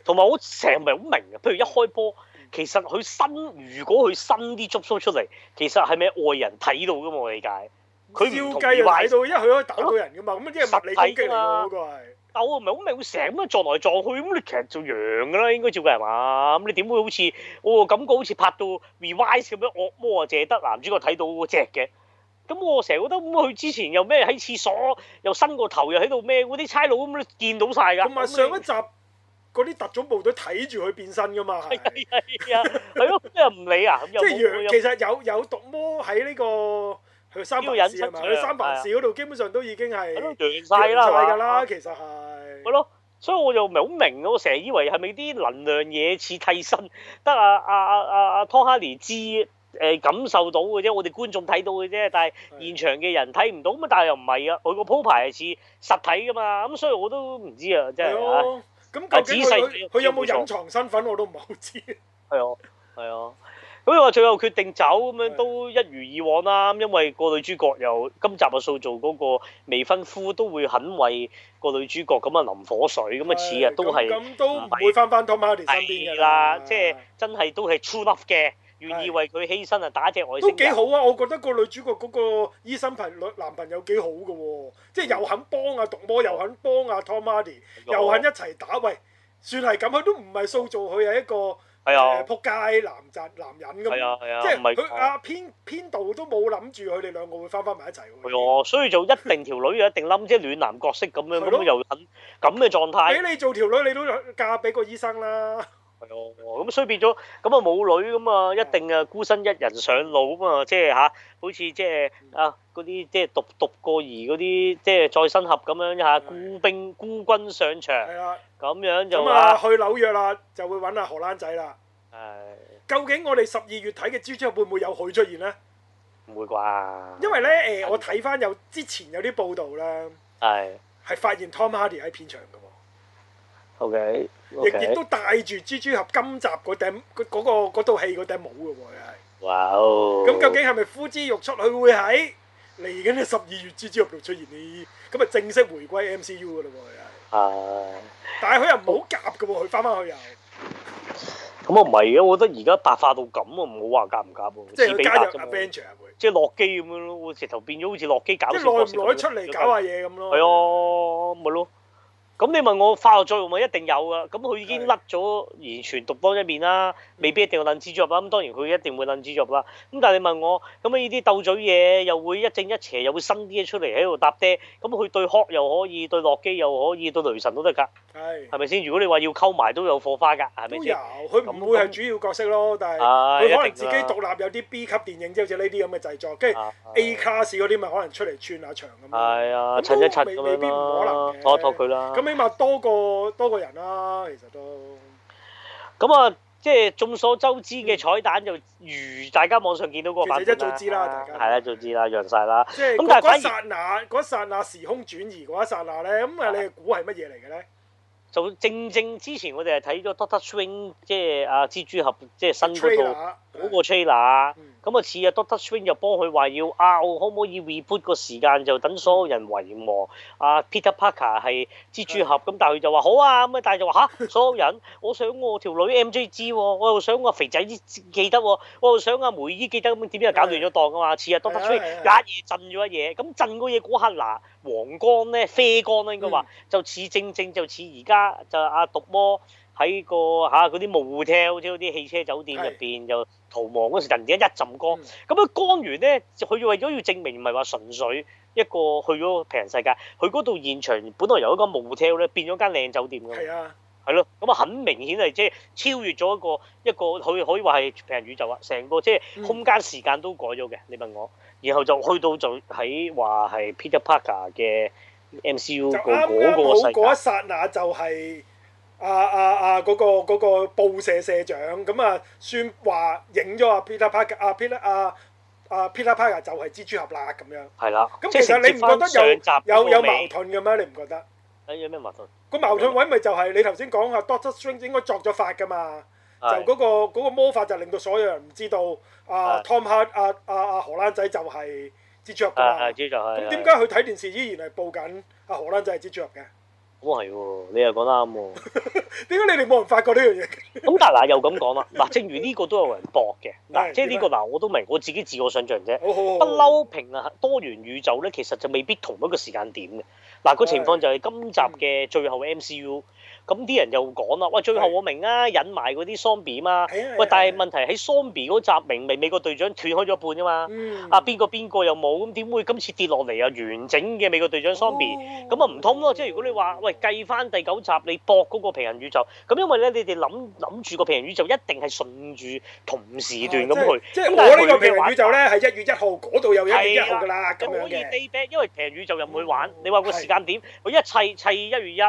同埋我成日唔係好明嘅，譬如一開波，其實佢伸，如果佢伸啲觸鬚出嚟，其實係咪外人睇到嘅嘛？我理解。佢照計又睇到，因為佢可以打到人嘅嘛，咁啊啲係物理攻擊嚟嘅。唔係好明，成咁樣撞來撞去，咁你其實做羊㗎啦，應該照計係嘛？咁你點會好似哦感覺好似拍到 Revice 咁樣惡魔啊？淨得男主角睇到嗰隻嘅。咁我成日覺得咁佢、嗯、之前又咩喺廁所又伸個頭又喺度咩？嗰啲差佬咁你見到晒㗎？同埋上一集嗰啲特種部隊睇住佢變身㗎嘛？係係 啊，係咯， 即係唔理啊，即係羊其實有有毒魔喺呢、這個。佢三藩市啊嘛，佢三藩市度基本上都已經係弱曬啦，弱曬㗎啦，其實係。係咯，所以我又唔係好明，我成日以為係咪啲能量嘢似替身，得阿阿阿阿阿湯哈利知，誒感受到嘅啫，我哋觀眾睇到嘅啫，但係現場嘅人睇唔到咁，但係又唔係啊，佢個鋪排係似實體噶嘛，咁所以我都唔知啊，真係。咁究竟佢有冇隱藏身份我都唔好知。係啊，係啊。咁你話最後決定走，咁樣都一如以往啦，因為個女主角又今集又塑造嗰個未婚夫都會肯為個女主角咁啊淋火水咁啊，似啊都係，咁都唔會翻翻 Tom Hardy 身邊啦，即係真係都係 true love 嘅，願意為佢犧牲啊，打一隻外星人都幾好啊！我覺得個女主角嗰個醫生朋友男朋友幾好嘅喎、啊，即係又肯幫阿毒魔，又肯幫阿、啊、Tom Hardy，又肯一齊打喂，算係咁，佢都唔係塑造佢係一個。係啊、 哎，仆街男宅男人咁，哎哎、即係唔係佢阿編編導都冇諗住佢哋兩個會返返埋一齊喎。係啊，所以就一定 條女一定冧即係暖男角色咁樣都又咁嘅狀態。俾你做條女，你都嫁俾個醫生啦。係咁，所以變咗，咁啊冇女，咁啊一定啊孤身一人上路，就是、啊嘛，即係嚇，好似即係啊嗰啲即係獨獨個兒嗰啲即係再生俠咁樣一下孤兵孤軍上場，係啦的，咁樣就咁啊，嗯、去紐約啦，就會揾阿荷蘭仔啦，係的。究竟我哋十二月睇嘅蜘蛛俠會唔會有佢出現咧？唔會啩？因為咧誒，呃，我睇翻有之前有啲報道咧，係，係發現 Tom Hardy 喺片場㗎。OK，亦、okay. 亦都戴住蜘蛛俠今集嗰頂嗰、嗰個套、嗰個、戲嗰頂帽嘅喎又係。哇咁 Wow. 究竟係咪呼之欲出去會喺嚟緊嘅十二月蜘蛛俠度出現咧？咁啊正式回歸 MCU 嘅嘞喎又係。但係佢又唔好夾嘅喎，佢翻翻去又。咁啊唔係嘅。我覺得而家白化到咁啊，唔好話夾唔夾噃，似彼得咁。即係落基咁樣咯，直頭變咗好似落基搞笑角色即係耐唔耐出嚟搞下嘢咁咯。係啊，咪咯、啊。咁、嗯、你問我化學作用咪一定有噶，咁佢已經甩咗完全獨當一面啦，未必一定要攣蜘蛛俠啦。咁當然佢一定會攣蜘蛛俠啦。咁但係你問我，咁呢啲鬥嘴嘢又會一正一邪，又會新啲嘢出嚟喺度搭爹，咁佢對殼又可以，對洛基又可以，對雷神都得㗎。係是，係咪先？如果你話要溝埋都有火花㗎，係咪先？都有，佢唔會係主要角色咯，但係佢可能自己獨立有啲 B 級電影，即係好似呢啲咁嘅製作，跟住 A cast 嗰啲咪可能出嚟串下場咁樣。係啊，襯一襯咁未樣咯，拖一拖佢啦。起碼多過多個人啦，其實都咁啊！即係眾所周知嘅彩蛋就如大家網上見到個版本啦，早知啦。大家。係啦，早知啦，讓晒啦。即係咁，但係嗰剎那，嗰剎那時空轉移嗰一剎那咧，咁啊，你嘅估係乜嘢嚟嘅咧？就正正之前我哋係睇咗《Doctor Strange》即係阿蜘蛛俠，即係新嗰套嗰個 Trailer。咁啊，次啊，Doctor Strange 又幫佢話要啊，我可唔可以 reboot 個時間就等所有人遺忘？阿、啊、Peter Parker 係蜘蛛俠，咁但係佢就話好啊，咁啊，但係就話吓，所有人，我想我條女 MJ 知喎、哦，我又想我肥仔記得喎、哦，我又想阿梅姨記得咁點解搞亂咗檔啊嘛，次啊 Doctor Strange 一嘢震咗一嘢，咁震個嘢嗰刻嗱，黃光咧，啡光咧應該話，就似正正就似而家就阿、啊、毒魔。喺個嚇嗰啲 motel 即嗰啲汽車酒店入邊，就是逃亡嗰時突然間一陣光，咁樣、嗯、光完咧，佢為咗要證明唔係話純粹一個去咗平行世界，佢嗰度現場本來由一間 motel 咧變咗間靚酒店㗎嘛。係啊，係咯，咁啊，很明顯係即係超越咗一個一個，佢可以話係平行宇宙啊，成個即係空間時間都改咗嘅。嗯、你問我，然後就去到就喺話係 Peter Parker 嘅 MCU 個嗰個世界。嗰一剎那就係、是。啊啊啊，嗰個嗰個報社社長咁啊，算話影咗阿 Peter Parker 阿 Peter 阿阿 Peter Parker 就係蜘蛛俠啦咁樣。係啦。咁其實你唔覺得有有有矛盾嘅咩？你唔覺得？有咩矛盾？個矛盾位咪就係你頭先講啊 Doctor Strange 應該作咗法㗎嘛？就嗰個嗰個魔法就令到所有人唔知道阿 Tom Hart 啊啊啊荷蘭仔就係蜘蛛俠。係係，蜘蛛俠。咁點解佢睇電視依然係報緊阿荷蘭仔係蜘蛛俠嘅？咁啊係喎，你又講得啱喎、哦。點解 你哋冇人發覺呢樣嘢？咁 但係嗱又咁講啦，嗱正如呢個都有，有人駁嘅，嗱即係呢個嗱樣我都明我自己自我想像啫。不嬲，平行多元宇宙咧，其實就未必同一個時間點嘅。嗱個情況就係今集嘅最後 MCU、 嗯。咁啲人又講啦，喂，最後我明啊，引埋嗰啲《Zombie》嘛，喂，但係問題喺《Zombie》嗰集，明明美國隊長斷開咗一半啫嘛，啊邊個邊個又冇，咁點會今次跌落嚟又完整嘅美國隊長《Zombie》？咁啊唔通咯，即係如果你話，喂，計翻第九集你搏嗰個平行宇宙，咁因為咧你哋諗諗住個平行宇宙一定係順住同時段咁去，即係我呢個平行宇宙咧係一月一號嗰度又一月一號㗎啦，咁可以 day back，因為平行宇宙又唔會玩，你話個時間點，我一砌砌一月一，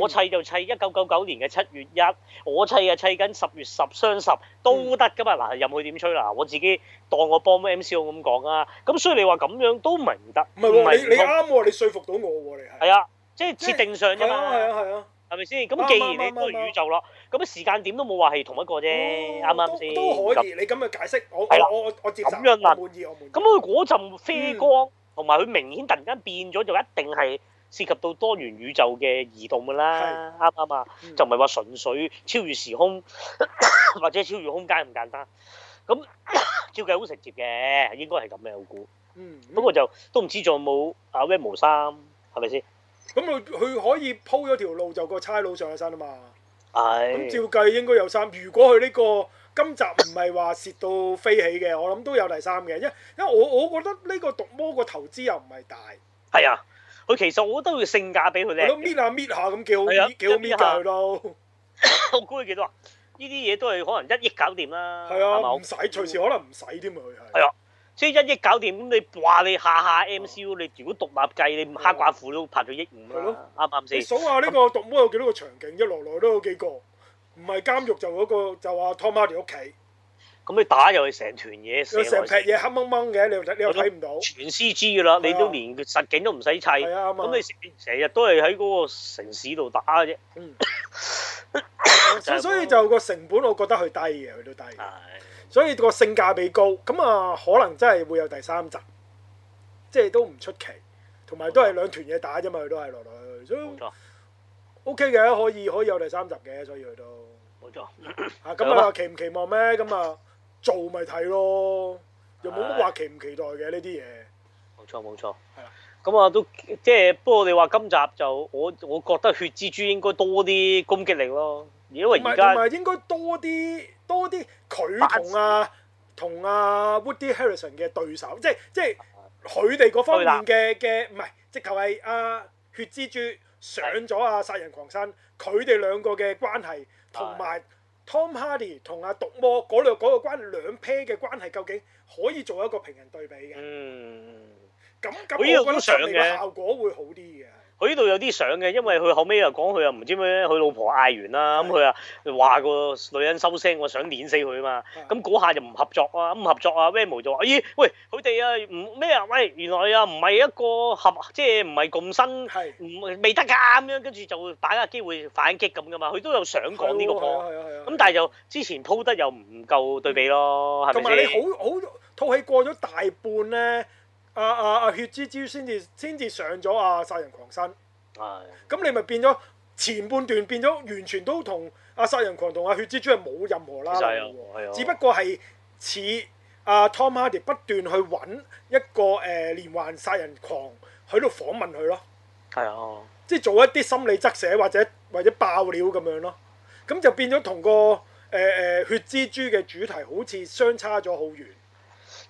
我砌就砌一，九九年嘅七月一，我砌嘅砌緊十月十，雙十都得㗎嘛。嗱，又冇點吹啦，我自己當我幫 MC 咁講啊，咁所以你話咁樣都唔係唔得。唔係喎，你啱喎，你說服到我喎，你係，係啊，即係設定上啫嘛，係啊係啊，係咪先？咁既然你多元宇宙啦，咁樣時間點都冇話係同一個啫，啱唔啱先？都都可以，你咁樣解釋，我我我接受，滿意我滿意。咁佢嗰陣飛光同埋佢明顯突然間變咗，就一定係。涉及到多元宇宙嘅移動㗎啦，啱啱啊？嗯、就唔係話純粹超越時空 或者超越空間咁簡單。咁照計好直接嘅，應該係咁嘅，我估。嗯，嗯我就，不過就都唔知仲有冇啊 Venom 三係咪先？咁佢佢可以鋪咗條路就個差佬上咗身啊嘛。係。咁照計應該有三。如果佢呢、呢個今集唔係話蝕到飛起嘅，我諗都有第三嘅，因為因為我我覺得呢個毒魔個投資又唔係大。係啊。佢其實我都會性價比佢靚，搣下搣下咁幾好，搣幾好搣下佢都。我估佢幾多啊？呢啲嘢都係可能一億搞掂啦。係啊，唔使隨時可能唔使添啊，佢係。係啊，所以一億搞掂咁你，哇！你下下 MCU，你如果獨立計，你黑寡婦都拍咗億五，係咯，啱啱先？數下呢個毒魔有幾多個場景，一來來都有幾個，唔係監獄就嗰個就阿湯瑪 y 屋企。咁你打又係成團嘢，又成劈嘢黑掹掹嘅，你又睇都你又睇唔到，全 CG 嘅啦，你都連實景都唔使砌。咁你成日都係喺嗰個城市度打啫。咁 所以就個成本，我覺得佢低嘅，佢都低。的所以個性價比高。咁啊，可能真係會有第三集，即係都唔出奇。同埋都係兩團嘢打啫嘛，佢都係落落去去。冇錯。O K 嘅，可以可以有第三集嘅，所以佢都冇錯。咁啊？期唔的期望咩？咁啊？做咪睇咯，又冇乜話期唔期待嘅呢啲嘢。冇錯冇錯，係啦。咁啊的都即係，不過我哋話今集就我我覺得血蜘蛛應該多啲攻擊力咯，因為而家同埋應該多啲多啲佢同啊同次啊，啊 Woody Harrelson 嘅對手，即係即係佢哋嗰方面嘅嘅，唔係的直頭係阿血蜘蛛上咗啊，殺人狂身，佢哋的兩個嘅關係同埋。Tom Hardy 同阿毒魔兩個關、兩 pair 嘅關係究竟可以做一個平衡對比嘅？嗯，咁咁我覺得上嚟嘅效果會好啲。佢呢度有啲相嘅，因為佢後尾又講佢又唔知咩，佢老婆嗌完啦，咁佢啊話個女人收聲，我想捏死佢啊嘛，咁嗰下就唔合作啊，唔合作啊，Venom 就話咦，喂，佢哋啊唔咩啊，喂原來啊唔係一個合，即係唔係咁新，唔未得㗎咁樣，跟住就會把握機會反擊咁㗎嘛，佢都有想講呢個波，咁但係就之前鋪得又唔夠對比咯，同埋你好好套戲過咗大半咧。啊啊啊！血蜘蛛先至先至上咗啊！殺人狂身，咁的你咪變咗前半段變咗完全都同啊殺人狂同啊血蜘蛛係冇任何啦，只不過係似啊 Tom Hardy 不斷去揾一個誒、呃、連環殺人狂喺度訪問佢咯，的即係做一啲心理側寫或者或者爆料咁樣咯，咁就變咗同個誒誒、呃、血蜘蛛嘅主題好似相差咗好遠。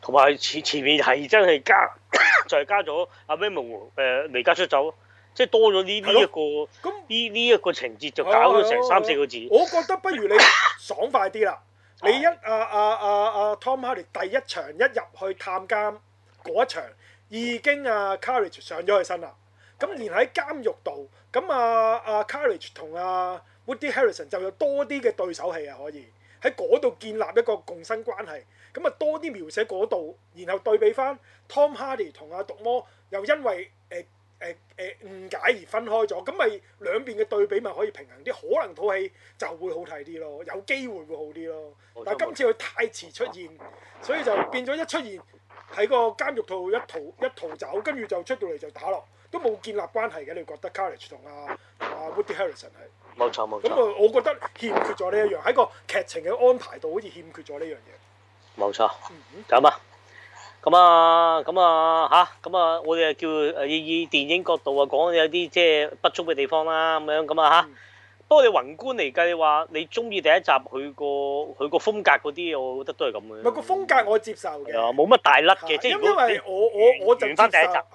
同埋前前面係真係加， 就係、是、加咗阿 Memo 誒離家出走，即係多咗呢呢一個呢呢、啊、一個情節就搞咗成三、啊啊啊、四個字。我覺得不如你爽快啲啦， 你一阿阿阿阿 Tom Hardy 第一場一入去探監嗰一場已經阿、啊、Carnage 上咗佢身啦，咁連喺監獄度，咁啊阿、啊、Carnage 同阿、啊、Woody Harrelson 就有多啲嘅對手戲啊可以。喺嗰度建立一個共生關係，咁啊多啲描寫嗰度，然後對比翻 Tom Hardy 同阿毒魔，又因為誒誒誒誤解而分開咗，咁咪兩邊嘅對比咪可以平衡啲，可能套戲就會好睇啲咯，有機會會好啲咯。但係今次佢太遲出現，所以就變咗一出現喺個監獄套一逃一逃走，跟住就出到嚟就打落，都冇建立關係嘅。你覺得 Courage 同阿阿 Woody Harrelson 係？冇錯冇錯，咁啊，我覺得欠缺咗呢一樣喺個劇情嘅安排度，好似欠缺咗呢樣嘢。冇錯，嗯哼，咁啊，咁啊，咁啊，吓，啊，咁啊，啊，我哋啊叫以以電影角度啊講有啲即係不足嘅地方啦，咁樣咁啊吓。啊嗯不過你宏觀嚟計，你話你中意第一集佢個佢個風格嗰啲，我覺得都係咁嘅。唔係個風格我接受嘅，冇乜大甩嘅。因為我我我就接受，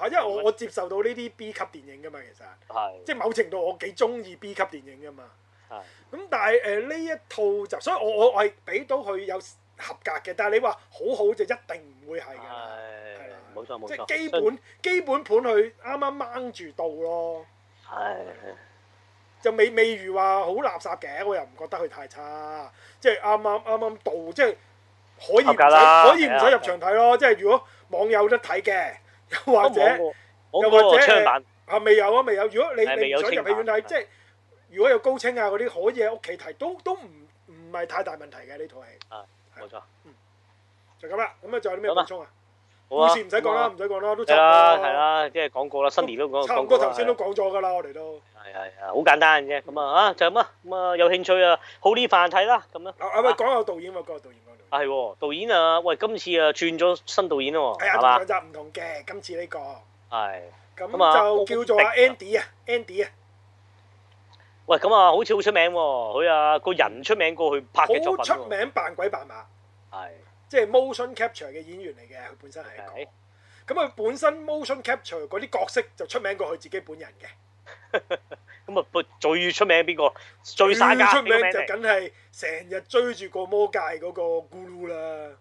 因為我我接受到呢啲 B 級電影㗎嘛，其實。係。即係某程度我幾中意 B 級電影㗎嘛。係。咁但係誒呢一套就，所以我我係俾到佢有合格嘅，但係你話好好就一定唔會係㗎。係。係。冇錯冇錯。即係基本基本盤佢啱啱掹住到咯。係。就未未如話好垃圾嘅，我又唔覺得佢太差，即係啱啱啱啱度，即係可以唔使可以唔使入場睇咯。即係如果網友有得睇嘅，又或者又或者係未有啊，未有。如果你你唔想入戲院睇，即係如果有高清啊嗰啲，可以喺屋企睇，都都唔唔係太大問題嘅呢套戲。啊，冇錯，嗯，就咁啦。咁啊，仲有啲咩補充啊？故事唔使講啦，唔使講啦，都差唔多，係啦，即係講過啦。新年都講，差唔多頭先都講咗噶啦，我哋都係係係好簡單嘅啫。咁啊啊，就咁啊。咁啊有興趣啊，好啲範睇啦，咁啦。啊喂，講下導演喎，講下導演嗰度。係喎，導演啊，喂，今次啊轉咗新導演喎，係嘛？集唔同嘅，今次呢個係咁啊，就叫做阿 Andy 啊，Andy 啊。喂，咁啊，好似好出名喎，佢啊個人出名過，去拍嘅作品。出名，扮鬼扮馬。係。即係 motion capture 嘅演員嚟嘅，佢本身係一個。咁佢 Okay. 本身 motion capture 嗰啲角色就出名過佢自己本人嘅。咁啊，最出名邊個？最曬家。出名，出名就梗係成日追住個魔戒嗰個咕嚕啦。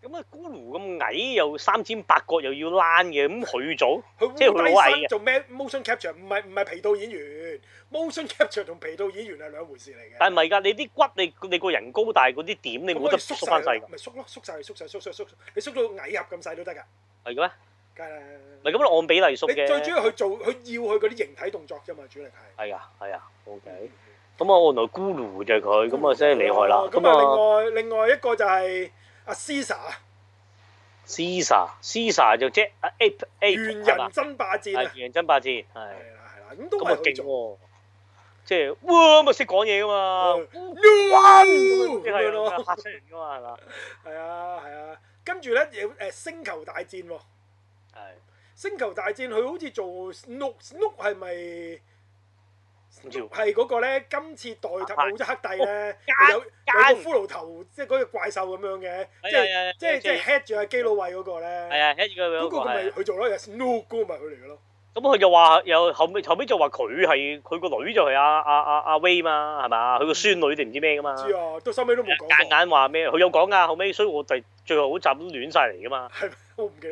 咁啊，咕嚕咁矮又三尖八角又要攣嘅，咁佢做即係佢好矮，做咩 motion capture 唔係唔係皮套演員？motion capture 同皮套演員係兩回事嚟嘅。但係唔係㗎，你啲骨你你個人高大，但係嗰啲點你冇得縮翻細。咪縮咯，縮曬，縮曬，縮縮縮，你縮到矮俠咁細都得㗎。係嘅咩？梗係啦，唔係咁，按比例縮嘅。最主要佢做佢要佢嗰啲形體動作啫嘛，主要係。係啊係啊，OK。咁啊，原來咕嚕就係佢，咁啊真係厲害啦。咁啊，另外另外一個就係。阿 Caesar，Caesar，Caesar 就即阿 Ape，Ape 猿人爭霸戰啦，啊，猿人爭霸戰係，係啦，咁都咁啊勁喎，即係哇咁啊識講嘢噶嘛，即係拍死人噶嘛，係嘛？係啊係啊，跟住咧有星球大戰喎，啊，係啦星球大戰佢好似做 Snoke Snoke 係咪？係嗰個咧，今次代冇咗黑帝咧，有有個骷髏頭，即係嗰個怪獸咁樣嘅，即係即係即係 head 住阿基老位嗰個咧。係啊，head 住個。不過佢咪佢做咯 n o w 哥咪佢嚟嘅咯。咁佢就話又後尾後尾就話佢係佢個女就係阿阿阿阿威嘛，係嘛？佢個孫女定唔知咩噶嘛？知啊，到收尾都冇講過。夾硬話咩？佢有講噶，後尾，所以我第最後嗰集都亂晒嚟噶嘛。係，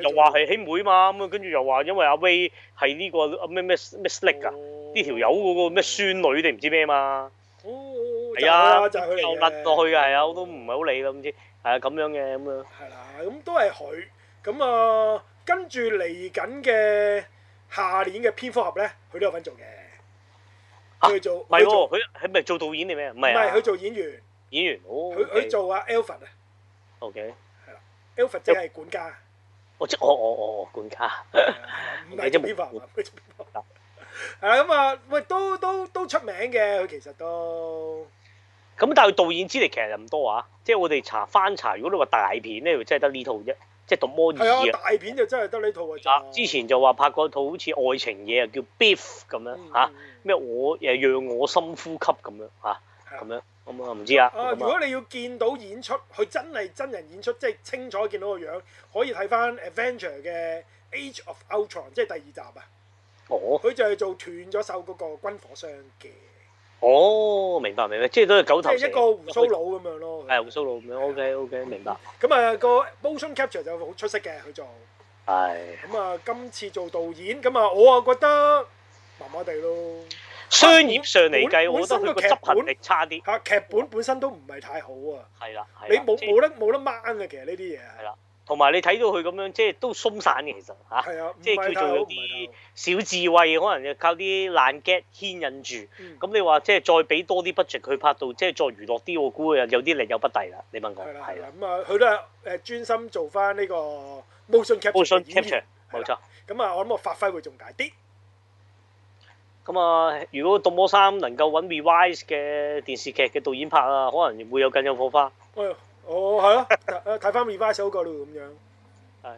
又話係兄妹嘛，咁跟住又話因為阿威係呢個咩咩咩 slick 啊。呢條友嗰個咩孫女定唔知咩嘛？係、哦哦、啊，就甩落去嘅係、哦、啊，我都唔係好理啦，唔知係啊咁樣嘅咁樣。係啊，咁都係佢咁啊。跟住嚟緊嘅下年嘅蝙蝠俠咧，佢都有份做嘅。佢做？唔係喎，佢係咪做導演定咩？唔係佢做演員。演員哦。佢、oh, 佢、okay. 做阿 Alfred Okay. 啊。O K。係啦，Alfred 即係管家。哦即哦哦哦管家。唔係就蝙蝠嘛？佢做蝙蝠。係啦，咁啊、嗯，喂，都都都出名嘅，佢其實都咁，但係導演資歷其實唔多啊，即係我哋查翻查，如果你話大片咧，就真係得呢套啫，即係的《毒魔二》啊。大片就真係得呢套啊！之前就話拍過套好似愛情嘢、嗯、啊，叫 Beef 咁樣吓，咩我誒讓我深呼吸咁樣吓，咁樣咁啊唔知啊。知啊如果你要見到演出，佢真係真人演出，即係清楚見到個樣，可以睇翻《Adventure》嘅《Age of Ultron》，即係第二集啊。哦，佢就係做斷咗手嗰個軍火商嘅。哦，明白明白，即係都係九頭。即一個鬍鬚佬咁樣咯。係鬍鬚佬咁樣，OK OK，明白。咁啊，個 motion capture 就好出色嘅，佢做。係。咁啊，今次做導演，咁啊，我啊覺得麻麻地咯。商業上嚟計，我覺得佢個執行力差啲。嚇，劇本本身都唔係太好啊。係啦，你冇冇得冇得掹嘅，其實呢啲嘢係。同埋你睇到佢咁樣，即係都鬆散嘅，其實嚇，即係、啊、叫做有啲小智慧，可能要靠啲爛 get 牽引住。咁、嗯嗯、你話即係再俾多啲 budget 佢拍到，即係再娛樂啲，我估又有啲力有不逮啦。你問我係啦。咁啊，佢都係誒專心做翻呢個 motion capture 冇 motion capture,、啊、錯。咁啊，我諗我發揮會仲大啲。咁啊、嗯，如果《動魔三》能夠揾 revise 嘅電視劇嘅導演拍啊，可能會有更有火花。哎哦，係咯，誒睇翻個 Revice 好過咯咁樣。係。